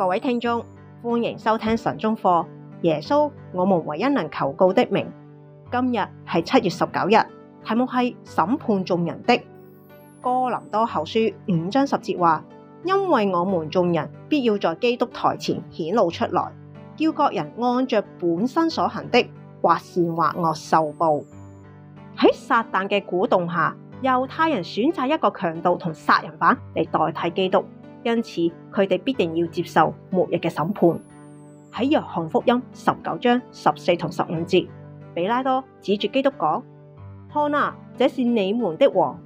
各位聽眾，歡迎收聽神中課。耶穌，我們唯一能求告的名。今日係七月十九日，題目係審判眾人的。哥林多後書五章十節話：因為我們眾人必要在基督台前顯露出來，叫各人按着本身所行的，或善或惡受報。喺撒旦嘅鼓動下，猶太人選擇一個強盜同殺人犯嚟代替基督。因此，佢哋必定要接受末日嘅審判。喺約翰福音十九章十四同十五節，比拉多指住基督講：看啊，這是你們的王。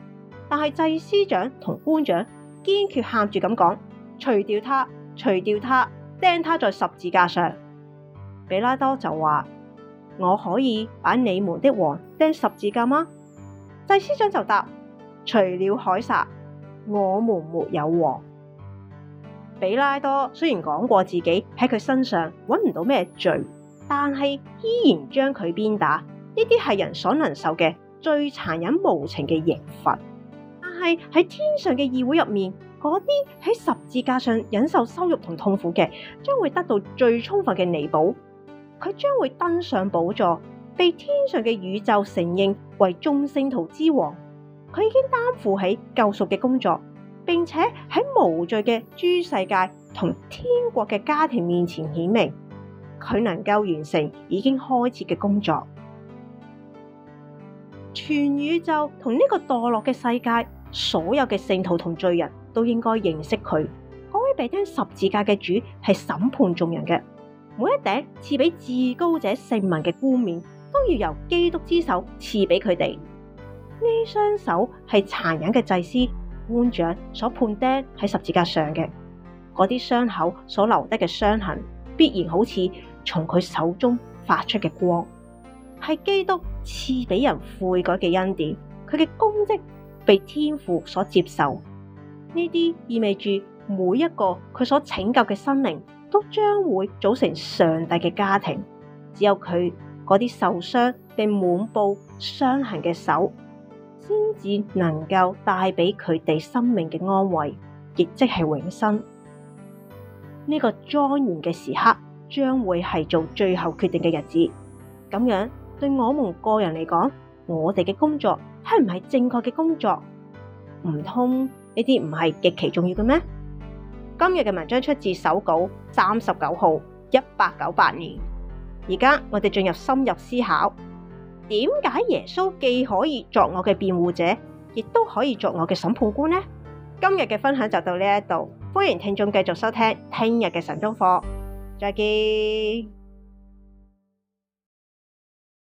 但係祭司長同官長堅決喊住咁講：除掉他，除掉他，釘他在十字架上。比拉多就話：我可以把你們的王釘十字架嗎？祭司長就答：除了凱撒，我們沒有王。比拉多雖然講過自己喺佢身上揾唔到咩罪，但係依然將佢鞭打。呢啲係人所能受嘅最殘忍無情嘅刑罰。但係喺天上嘅議會入面，嗰啲喺十字架上忍受羞辱同痛苦嘅，將會得到最充分嘅彌補。佢將會登上寶座，被天上嘅宇宙承認為眾聖徒之王。佢已經擔負起救贖嘅工作。並且喺無罪嘅諸世界同天國嘅家庭面前顯明，佢能夠完成已經開始嘅工作。全宇宙同呢個墮落嘅世界，所有嘅聖徒同罪人都應該認識佢。嗰位被釘十字架嘅主係審判眾人嘅。每一頂賜俾至高者聖民嘅冠冕，都要由基督之手賜俾佢哋。呢雙手係殘忍嘅祭司，官長所判釘喺十字架上嘅嗰啲傷口所留低嘅傷痕，必然好似從佢手中發出嘅光，係基督賜俾人悔改嘅恩典。佢嘅功績被天父所接受，呢啲意味住每一個佢所拯救嘅生靈都將會組成上帝嘅家庭。只有佢嗰啲受傷並滿布傷痕嘅手，先至能夠帶俾佢哋生命嘅安慰，亦即係永生。呢、這個莊嚴嘅時刻，將會係做最後決定嘅日子。咁樣，對我們個人嚟講，我哋嘅工作係唔係正確嘅工作？唔通呢啲唔係極其重要嘅咩？今日嘅文章出自手稿三十九號，一八九八年。而家我哋進入深入思考。點解耶穌既可以作我嘅辯護者，亦都可以作我嘅審判官呢？今日嘅分享就到呢一度，歡迎聽眾繼續收聽聽日嘅神中課，再見。